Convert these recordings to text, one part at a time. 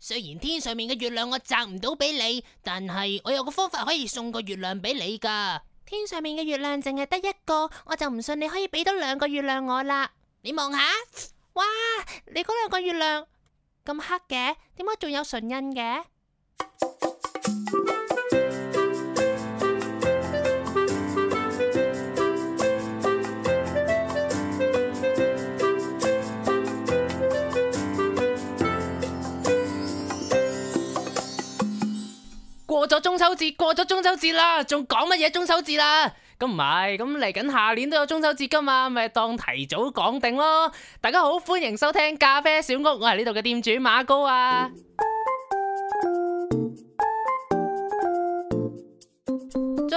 雖然天上面嘅月亮我摘唔到俾你，但係我有個方法可以送個月亮俾你噶。天上面嘅月亮淨係得一個，我就唔信你可以俾到兩個月亮我啦。你望下，哇！你嗰兩個月亮咁黑嘅，點解仲有唇印嘅？過咗中秋節，過咗中秋節啦，仲講乜嘢中秋節啦？咁唔係，咁嚟緊下年都有中秋節噶嘛，咪當提早講定咯。大家好，歡迎收聽咖啡小屋，我係呢度嘅店主馬高啊。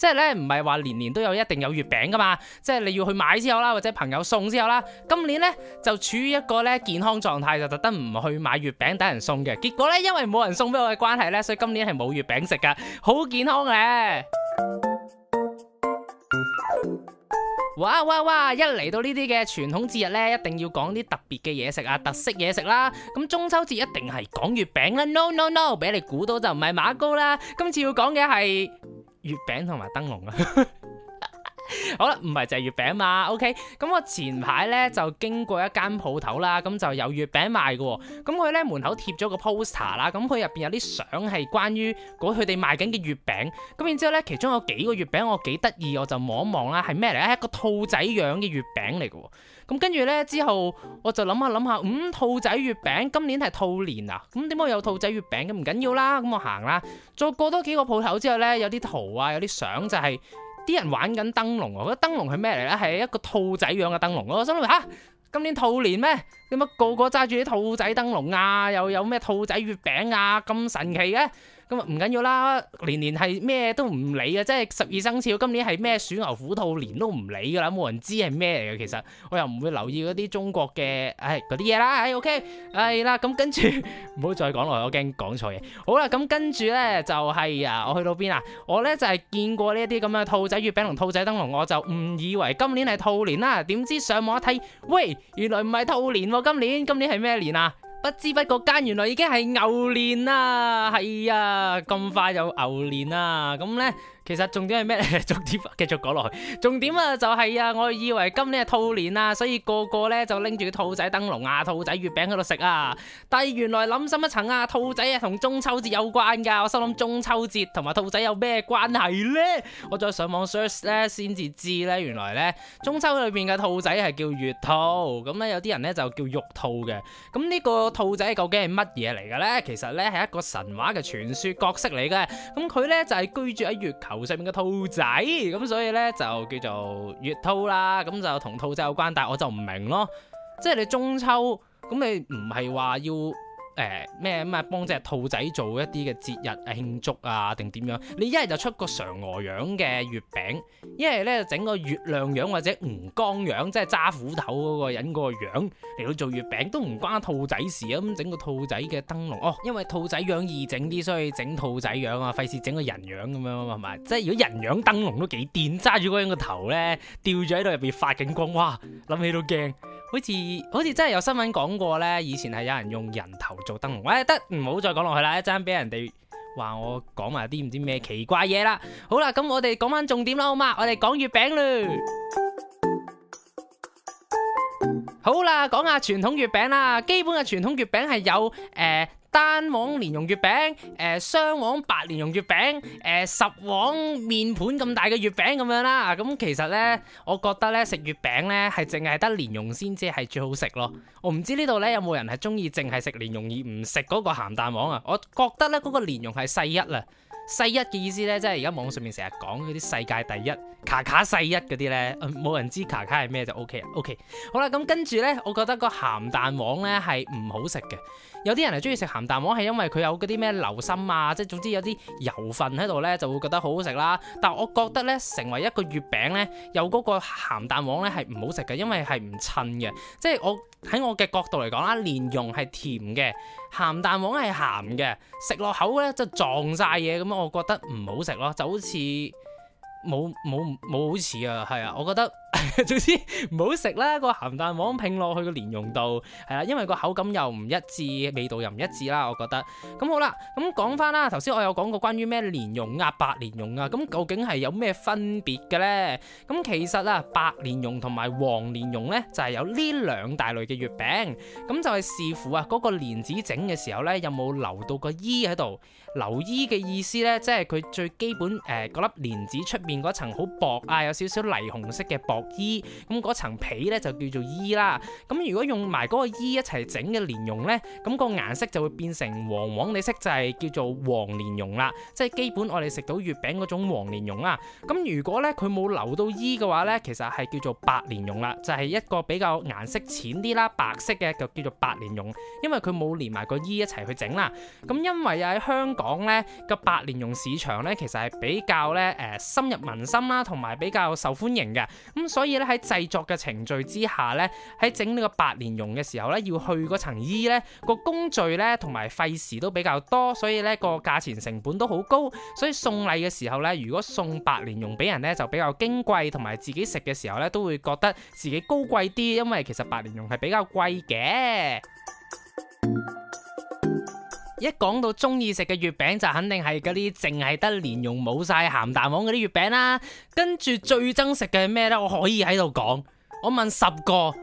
即係咧，唔係話年年都有一定有月餅噶嘛，即係你要去買先有啦，或者朋友送先有啦。今年呢，就處於一個咧健康狀態，就特登唔去買月餅等人送嘅。結果呢，因為冇人送俾我嘅關係呢，所以今年係冇月餅食噶，好健康嘅。哇哇哇！一嚟到呢啲嘅傳統節日呢，一定要講啲特別嘅嘢食啊，特色嘢食啦。咁中秋節一定係講月餅啦。No no no，俾你估到就唔係馬糕啦。今次要講嘅係。月餅同埋燈籠啊！ 好啦，唔係就係月餅嘛，OK，咁我前排呢就經過一間鋪頭啦，咁就有月餅賣嘅喎，咁佢呢門口貼咗個 poster 啦，咁佢入邊有啲相係關於嗰佢哋賣緊嘅月餅，咁然之後呢，其中有幾個月餅我幾得意，我就望一望啦，係咩嚟咧？一個兔仔樣嘅月餅嚟嘅，咁跟住呢，之後，我就諗下諗下，嗯，兔仔月餅，今年係兔年啊，咁點解有兔仔月餅？咁唔緊要啦，咁我行啦，再過多幾個鋪頭之後呢，有啲圖啊，有啲相就係、是。啲人玩緊燈籠喎，我覺得燈籠係咩嚟咧？係一個兔仔樣嘅燈籠咯。我心諗吓，今年兔年咩？點解個個揸住啲兔仔燈籠啊？又有咩兔仔月餅啊？咁神奇嘅？咁啊，唔緊要啦，年年係咩都唔理嘅，即係十二生肖今年係咩鼠牛虎兔年都唔理噶啦，冇人知係咩嚟嘅。其實我又唔會留意嗰啲中國嘅唉嗰啲嘢啦。唉，OK，係啦。咁跟住唔好再講落去，我驚講錯嘢。好啦，咁跟住咧就係啊，我去到邊啊？我咧就係見過呢一啲咁嘅兔仔月餅同兔仔燈籠，我就誤以為今年係兔年啦。點知上網一睇，喂，原來唔係兔年，今年今年係咩年啊？不知不覺間，原來已經係牛年啦，係啊，咁快就牛年啦，咁咧。其實重點係咩？重點繼續講落去，重點就啊就係啊，我以為今年係兔年啊，所以個個咧就拎住兔仔燈籠啊、兔仔月餅喺度食啊，但係原來諗深一層啊，兔仔啊同中秋節有關噶，我心諗中秋節同埋兔仔有咩關係呢？我再上網 search 咧，先至知咧，原來咧中秋裏邊嘅兔仔係叫月兔，咁咧有啲人咧就叫玉兔嘅，咁呢個兔仔究竟係乜嘢嚟嘅咧？其實咧係一個神話嘅傳說角色嚟嘅，咁佢咧就係居住喺月球。上面嘅兔仔，咁所以咧就叫做月兔啦，咁就同兔仔有關，但係我就唔明咯，即係你中秋咁你唔係話要。誒咩咁啊？幫隻兔仔做一啲嘅節日慶祝啊，定點樣？你一係就出個嫦娥樣嘅月餅，一係咧整個月亮樣或者吳剛樣，即係揸斧頭嗰個人個樣嚟到做月餅，都唔關兔仔事啊！咁整個兔仔嘅燈籠，哦，因為兔仔樣易整啲，所以整兔仔樣啊，費事整個人樣咁樣啊，係咪？即係如果人樣燈籠都幾掂，揸住嗰樣個頭咧，吊住喺度入邊發緊光，哇！諗起都驚。好似好似真係有新聞講過咧，以前係有人用人頭做燈籠。喂、哎，得唔好再講落去啦，一陣俾人哋話我講埋啲唔知咩奇怪嘢啦。好啦，咁我哋講返重點啦，好嗎？我哋講月餅嘞。好啦，講下傳統月餅啦。基本嘅傳統月餅係有誒。呃單黃蓮蓉月餅，誒雙黃白蓮蓉月餅，誒、呃、十黃面盤咁大嘅月餅咁樣啦，咁、啊、其實呢，我覺得咧食月餅呢係淨係得蓮蓉先至係最好食咯。我唔知呢度呢有冇人係中意淨係食蓮蓉而唔食嗰個咸蛋黃啊？我覺得呢，嗰、那個蓮蓉係細一啦。世一嘅意思咧，即係而家網上面成日講嗰啲世界第一卡卡世一嗰啲咧，冇、呃、人知卡卡係咩就 O K 啦。O、OK、K 好啦，咁跟住咧，我覺得個鹹蛋黃咧係唔好食嘅。有啲人係鍾意食鹹蛋黃，係因為佢有嗰啲咩流心啊，即係總之有啲油份喺度咧，就會覺得好好食啦。但係我覺得咧，成為一個月餅咧，有嗰個鹹蛋黃咧係唔好食嘅，因為係唔襯嘅，即係我。喺我嘅角度嚟講啦，蓮蓉係甜嘅，鹹蛋黃係鹹嘅，食落口咧就撞晒嘢咁，我覺得唔好食咯，就好似冇冇冇好似啊，係啊，我覺得。 總之唔好食啦，個鹹蛋黃拼落去個蓮蓉度係啦，因為個口感又唔一致，味道又唔一致啦，我覺得。咁好啦，咁講翻啦，頭先我有講過關於咩蓮蓉啊，白蓮蓉啊，咁究竟係有咩分別嘅呢？咁其實啊，白蓮蓉同埋黃蓮蓉呢，就係、是、有呢兩大類嘅月餅，咁就係視乎啊嗰、那個蓮子整嘅時候呢，有冇留到個衣喺度，留衣嘅意思呢，即係佢最基本誒嗰、呃、粒蓮子出面嗰層好薄啊，有少少泥紅色嘅薄。衣咁嗰層皮咧就叫做衣啦，咁、嗯、如果用埋嗰個衣一齊整嘅蓮蓉呢，咁、那個顏色就會變成黃黃哋色，就係叫做黃蓮蓉啦，即係基本我哋食到月餅嗰種黃蓮蓉啦。咁、嗯、如果呢，佢冇留到衣嘅話呢，其實係叫做白蓮蓉啦，就係、是、一個比較顏色淺啲啦，白色嘅就叫做白蓮蓉，因為佢冇連埋個衣一齊去整啦。咁、嗯、因為喺香港呢，個白蓮蓉市場呢，其實係比較咧誒、呃、深入民心啦，同埋比較受歡迎嘅咁。嗯所以咧喺，製作嘅程序之下咧，喺整呢個白蓮蓉嘅時候咧，要去嗰層衣咧個工序咧同埋費時都比較多，所以咧個價錢成本都好高。所以送禮嘅時候咧，如果送白蓮蓉俾人咧就比較矜貴，同埋自己食嘅時候咧都會覺得自己高貴啲，因為其實白蓮蓉係比較貴嘅。 一講到鍾意食嘅月餅，就肯定係嗰啲淨係得蓮蓉冇晒鹹蛋黃嗰啲月餅啦。跟住最憎食嘅係咩呢？我可以喺度講，我問十個，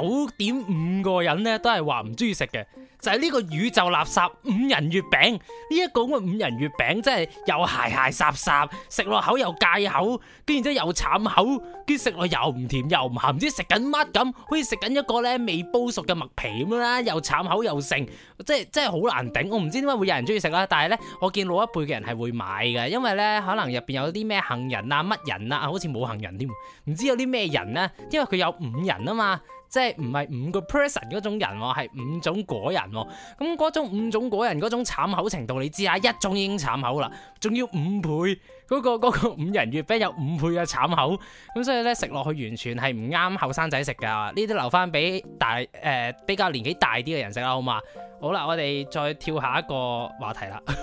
九點五個人咧都係話唔中意食嘅，就係呢個宇宙垃圾五仁月餅，呢一個五仁月餅，真係又鞋鞋霎霎，食落口又戒口，跟住之後又慘口，跟食落又唔甜又唔鹹，唔知食緊乜咁，好似食緊一個咧未煲熟嘅麥皮咁啦，又慘口又剩，即係真係好難頂。我唔知點解會有人中意食啦，但係咧我見老一輩嘅人係會買嘅，因為咧可能入邊有啲咩杏仁啊乜仁啊，好似冇杏仁添，唔知有啲咩仁呀，因為佢有五仁啊嘛。即係唔係五個 person 嗰種人、哦，係五種果仁、哦，咁嗰種五種果仁嗰種慘口程度，你知啊？一種已經慘口啦，仲要五倍嗰、嗰個、嗰個五仁月餅有五倍嘅慘口，咁所以咧食落去完全係唔啱後生仔食噶，呢啲留翻俾大誒、呃、比較年紀大啲嘅人食啦，好嘛？好啦，我哋再跳下一個話題啦。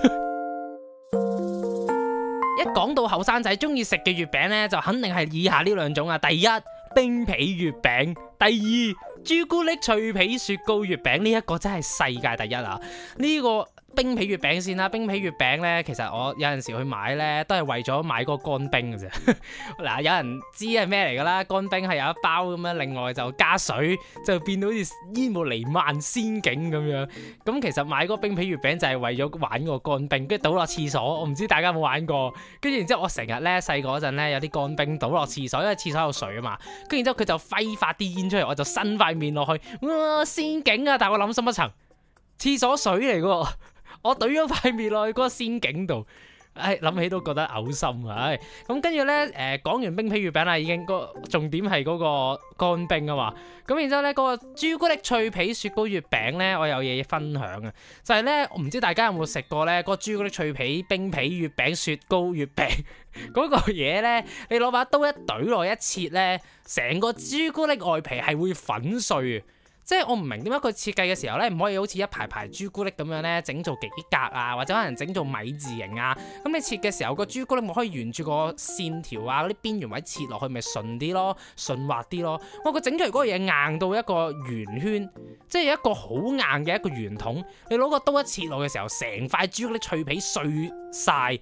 一講到後生仔中意食嘅月餅咧，就肯定係以下呢兩種啊，第一。冰皮月餅，第二，朱古力脆皮雪糕月餅，呢一個真係世界第一啊！呢個。冰皮月餅先啦，冰皮月餅呢，其實我有陣時去買呢，都係為咗買嗰個乾冰嘅啫。嗱，有人知係咩嚟㗎啦？乾冰係有一包咁樣，另外就加水，就變到好似煙霧瀰漫仙境咁樣。咁，嗯，其實買嗰個冰皮月餅就係為咗玩個乾冰，跟住倒落廁所。我唔知大家有冇玩過。跟住然之後我，我成日咧細個嗰陣咧有啲乾冰倒落廁所，因為廁所有水啊嘛。跟住然之後佢就揮發啲煙出嚟，我就伸塊面落去，哇仙境啊！但係我諗深一層，廁所水嚟㗎。我懟咗塊面落去嗰個仙境度，誒諗起都覺得嘔心啊！咁跟住呢，誒、呃、講完冰皮月餅啦，已經個重點係嗰個乾冰啊嘛。咁然之後呢，嗰、嗰個朱古力脆皮雪糕月餅呢，我有嘢分享啊！就係呢，我唔知大家有冇食過咧？嗰個朱古力脆皮冰皮月餅雪糕月餅嗰 個嘢呢，你攞把刀一懟落一切呢，成個朱古力外皮係會粉碎。即係我唔明點解佢設計嘅時候呢，唔可以好似一排排朱古力咁樣呢，整做幾格啊，或者可能整做米字形啊。咁你切嘅時候，個朱古力咪可以沿住個線條啊，嗰啲邊緣位切落去咪順啲咯，順滑啲咯。我、個整出嚟嗰個嘢硬到一個圓圈，即係有一個好硬嘅一個圓筒。你攞個刀一切落嘅時候，成塊朱古力脆皮碎晒。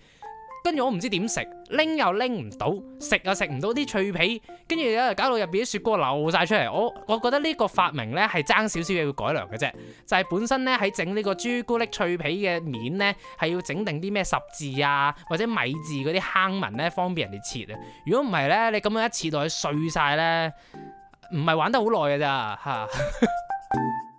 跟住我唔知點食，拎又拎唔到，食又食唔到啲脆皮，跟住搞到入邊啲雪糕流晒出嚟。我，我覺得呢個發明呢係爭少少嘢要改良嘅啫，就係本身呢，喺整呢個朱古力脆皮嘅面呢，係要整定啲咩十字啊或者米字嗰啲坑紋呢，方便人哋切啊。如果唔係呢，你咁樣一切到佢碎晒呢，唔係玩得好耐嘅咋嚇。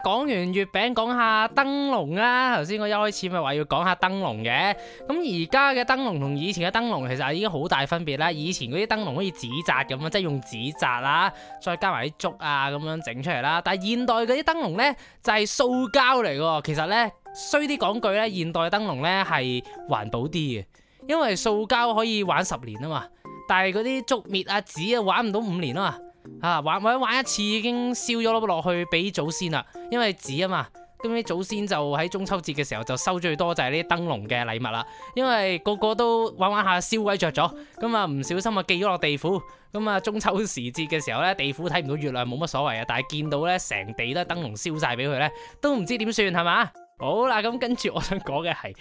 講完月餅，講下燈籠啦。頭先我一開始咪話要講下燈籠嘅，咁而家嘅燈籠同以前嘅燈籠其實已經好大分別啦。以前嗰啲燈籠可以紙紮咁啊，即係用紙紮啦，再加埋啲竹啊咁樣整出嚟啦。但係現代嗰啲燈籠呢，就係塑膠嚟嘅。其實呢，衰啲講句呢，現代燈籠呢係環保啲嘅，因為塑膠可以玩十年啊嘛，但係嗰啲竹篾啊紙啊玩唔到五年啊嘛。啊，玩玩玩一次已經燒咗粒落去俾祖先啦，因為紙啊嘛，咁啲祖先就喺中秋節嘅時候就收最多就係呢啲燈籠嘅禮物啦，因為個個都玩玩下燒鬼着咗，咁啊唔小心啊寄咗落地府，咁啊中秋時節嘅時候咧，地府睇唔到月亮冇乜所謂啊，但係見到咧成地都燈籠燒晒俾佢咧，都唔知點算係嘛？好啦，咁跟住我想講嘅係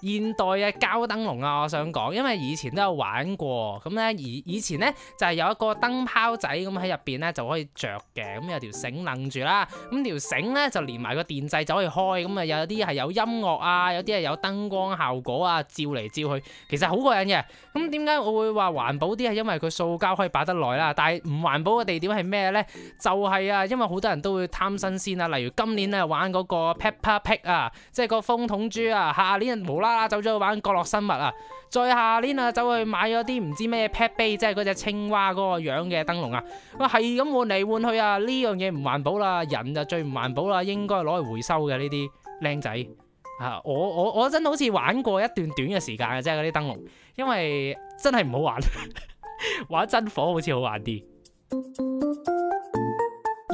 誒現代嘅膠燈籠啊，我想講，因為以前都有玩過，咁咧以以前咧就係、是、有一個燈泡仔咁喺入邊咧就可以着嘅，咁、嗯、有條繩楞住啦，咁、嗯、條繩咧就連埋個電掣就可以開，咁、嗯、啊有啲係有音樂啊，有啲係有燈光效果啊，照嚟照去，其實好過癮嘅。咁點解我會話環保啲係因為佢塑膠可以擺得耐啦，但係唔環保嘅地點係咩咧？就係、是、啊，因為好多人都會貪新鮮啊，例如今年咧玩嗰個 Peppa Pig 啊！即係個風筒豬啊，下年啊無啦啦走咗去玩角落生物啊，再下年啊走去買咗啲唔知咩 pet bay，即係嗰隻青蛙嗰個樣嘅燈籠啊，哇係咁換嚟換去啊！呢樣嘢唔環保啦，人就最唔環保啦，應該攞去回收嘅呢啲靚仔啊！我我我真好似玩過一段短嘅時間啊，即係嗰啲燈籠，因為真係唔好玩，玩真火好似好玩啲。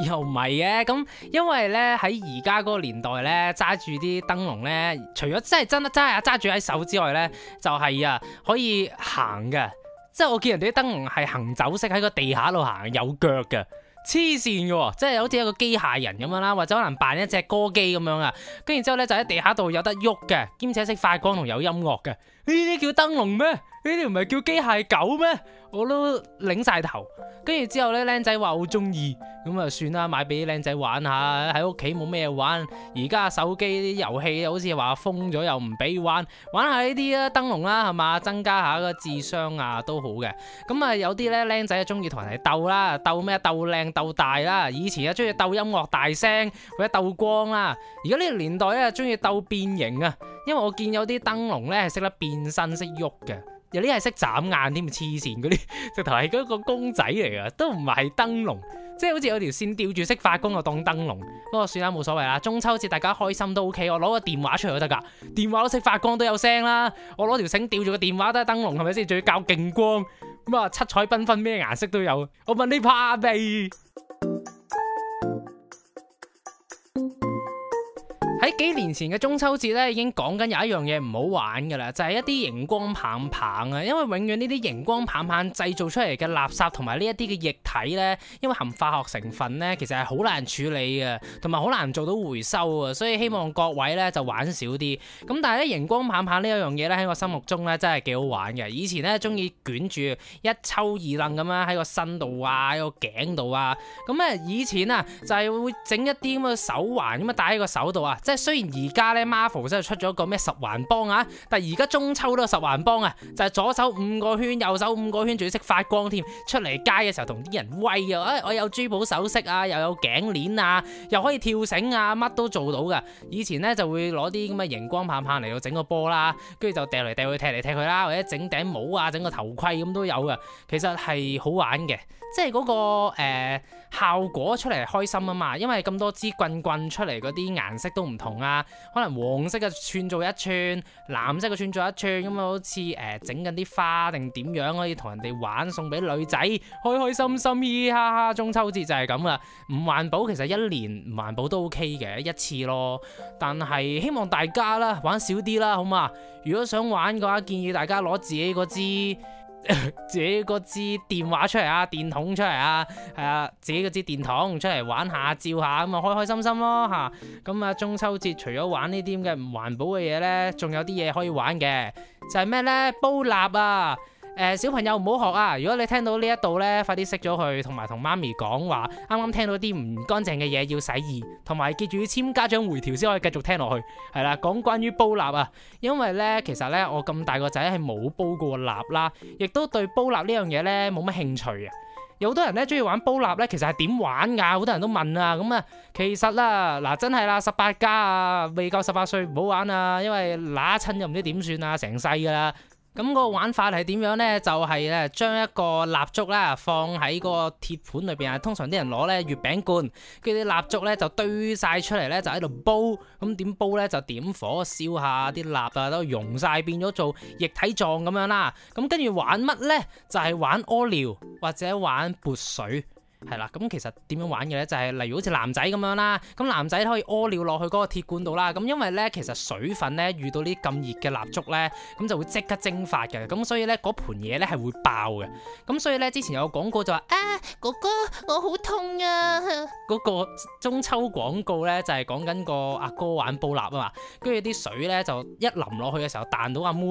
又唔係嘅，咁因為咧喺而家嗰個年代咧，揸住啲燈籠咧，除咗真係真揸住喺手之外咧，就係啊可以行嘅，即係我見人哋啲燈籠係行走式喺個地下度行有腳嘅，黐線嘅，即係好似一個機械人咁樣啦，或者可能扮一隻歌機咁樣啊，跟住之後咧就喺地下度有得喐嘅，兼且識發光同有音樂嘅，呢啲叫燈籠咩？呢條唔係叫機械狗咩？我都擰晒頭。跟住之後咧，僆仔話好中意，咁啊算啦，買俾僆仔玩下，喺屋企冇咩玩。而家手機啲遊戲好似話封咗，又唔俾玩，玩下呢啲啦，燈籠啦係嘛，增加下個智商啊都好嘅。咁啊有啲咧僆仔啊中意同人哋鬥啦，鬥咩？鬥靚鬥大啦。以前啊中意鬥音樂大聲，或者鬥光啦。而家呢個年代咧中意鬥變形啊，因為我見有啲燈籠咧係識得變身識喐嘅。有啲係識眨眼添，黐線嗰啲直頭係嗰個公仔嚟噶，都唔係燈籠，即係好似有條線吊住識發光，我當燈籠。不過算啦，冇所謂啦。中秋節大家開心都 OK，我攞個電話出嚟都得噶，電話都識發光都有聲啦。我攞條繩吊住個電話都係燈籠，係咪先？仲要較勁光，咁啊，七彩繽紛，咩顏色都有。我問你怕未？幾年前嘅中秋節咧，已經講緊有一樣嘢唔好玩噶啦，就係、是、一啲熒光棒棒啊。因為永遠呢啲熒光棒棒製造出嚟嘅垃圾同埋呢一啲嘅液體咧，因為含化學成分咧，其實係好難處理嘅，同埋好難做到回收啊。所以希望各位咧就玩少啲。咁但係咧熒光棒棒呢一樣嘢咧，喺我心目中咧真係幾好玩嘅。以前咧中意捲住一抽二楞咁樣喺個身度啊，喺個頸度啊。咁、嗯、誒以前啊就係、是、會整一啲咁嘅手環咁啊戴喺個手度啊，即係。雖然而家咧 Marvel 真係出咗個咩十環幫啊，但而家中秋都有十環幫啊，就係、是、左手五個圈，右手五個圈，仲要識發光添。出嚟街嘅時候同啲人威啊、哎！我有珠寶首飾啊，又有頸鏈啊，又可以跳繩啊，乜都做到噶。以前呢，就會攞啲咁嘅熒光棒棒嚟到整個波啦，跟住就掟嚟掟去，踢嚟踢去啦，或者整頂帽啊，整個頭盔咁都有噶。其實係好玩嘅，即係嗰、那個誒、呃、效果出嚟開心啊嘛，因為咁多支棍棍出嚟，嗰啲顏色都唔同啊，可能黃色嘅串做一串，藍色嘅串做一串，咁啊好似誒整緊啲花定點樣可以同人哋玩，送俾女仔開開心心，嘻嘻哈哈。中秋節就係咁啦，唔環保其實一年唔環保都 OK 嘅，一次咯，但係希望大家啦，玩少啲啦，好嘛？如果想玩嘅話，建議大家攞自己嗰支。 自己個支電話出嚟啊，電筒出嚟啊，係啊，自己個支電筒出嚟玩下，照下咁啊，開開心心咯吓。咁啊，啊中秋節除咗玩呢啲咁嘅唔環保嘅嘢咧，仲有啲嘢可以玩嘅，就係咩咧？煲蠟啊！誒、呃，小朋友唔好學啊！如果你聽到呢一度呢，快啲熄咗佢，同埋同媽咪講話，啱啱聽到啲唔乾淨嘅嘢，要洗耳，同埋記住簽家長回條先可以繼續聽落去。係啦，講關於煲蠟啊，因為呢，其實呢，我咁大個仔係冇煲過蠟啦，亦都對煲蠟呢樣嘢呢冇乜興趣啊。有好多人呢，中意玩煲蠟呢，其實係點玩噶？好多人都問啊，咁啊，其實、啊啊、啦，嗱，真係啦，十八加啊，未夠十八歲唔好玩啊，因為揦親又唔知點算啊，成世噶啦。咁個玩法係點樣呢？就係咧將一個蠟燭啦，放喺個鐵盤裏邊。通常啲人攞咧月餅罐，跟住啲蠟燭咧就堆晒出嚟咧，就喺度煲。咁點煲咧？就點火燒下啲蠟啊，都溶晒變咗做液體狀咁樣啦。咁跟住玩乜呢？就係玩屙尿或者玩潑水。係啦，咁其實點樣玩嘅咧，就係、是、例如好似男仔咁樣啦，咁男仔可以屙尿落去嗰個鐵罐度啦，咁因為咧其實水分咧遇到熱呢咁熱嘅蠟燭咧，咁就會即刻蒸發嘅，咁所以咧嗰盤嘢咧係會爆嘅，咁所以咧之前有個廣告就話啊哥哥我好痛啊，嗰個中秋廣告咧就係講緊個阿哥、哥玩煲蠟啊嘛，跟住啲水咧就一淋落去嘅時候彈到阿妹，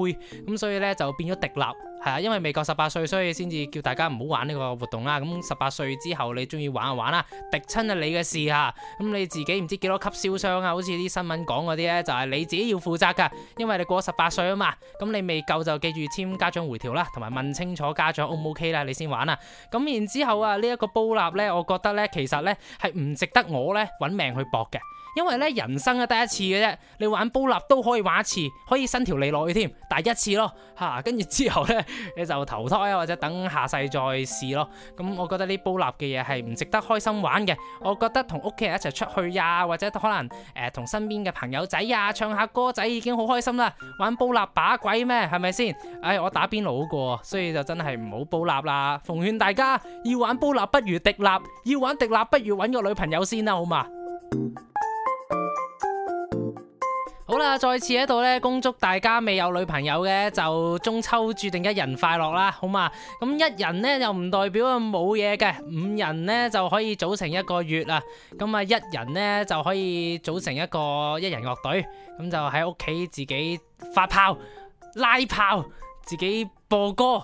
咁所以咧就變咗滴蠟。係啊，因為未夠十八歲，所以先至叫大家唔好玩呢個活動啦。咁十八歲之後，你中意玩就玩啦，跌親啊你嘅事吓。咁你自己唔知幾多級燒傷啊？好似啲新聞講嗰啲咧，就係、是、你自己要負責噶。因為你過咗十八歲啊嘛，咁你未夠就記住簽家長回條啦，同埋問清楚家長 O 唔、嗯、OK 啦，你先玩啊。咁然之後啊，這個、呢一個煲蠟咧，我覺得咧，其實咧係唔值得我咧搵命去搏嘅，因為咧人生得一次嘅啫。你玩煲蠟都可以玩一次，可以伸條脷落去添，第一次咯吓。跟、啊、住之後咧。你就投胎啊，或者等下世再試咯。咁、嗯、我覺得呢煲蠟嘅嘢係唔值得開心玩嘅。我覺得同屋企人一齊出去呀、啊，或者可能誒同、呃、身邊嘅朋友仔呀、啊、唱下歌仔已經好開心啦。玩煲蠟把鬼咩？係咪先？唉，我打邊爐好過，所以就真係唔好煲蠟啦。奉勸大家，要玩煲蠟不如滴蠟，要玩滴蠟不如揾個女朋友先啦，好嘛？好啦，再次喺度咧，恭祝大家未有女朋友嘅就中秋注定一人快樂啦，好嘛？咁一人咧又唔代表冇嘢嘅，五人咧就可以組成一個月啦，咁啊一人咧就可以組成一個一人樂隊，咁就喺屋企自己發炮、拉炮，自己播歌。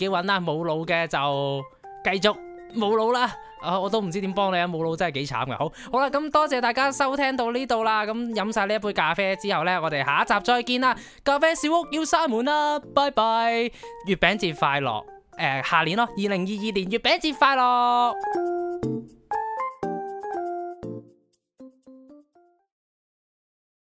自己揾啦，冇腦嘅就繼續冇腦啦。啊，我都唔知點幫你啊，冇腦真係幾慘噶。好好啦，咁多謝大家收聽到呢度啦。咁飲晒呢一杯咖啡之後呢，我哋下一集再見啦。咖啡小屋要閂門啦，拜拜！月餅節快樂，誒、呃，下年咯，二零二二年月餅節快樂。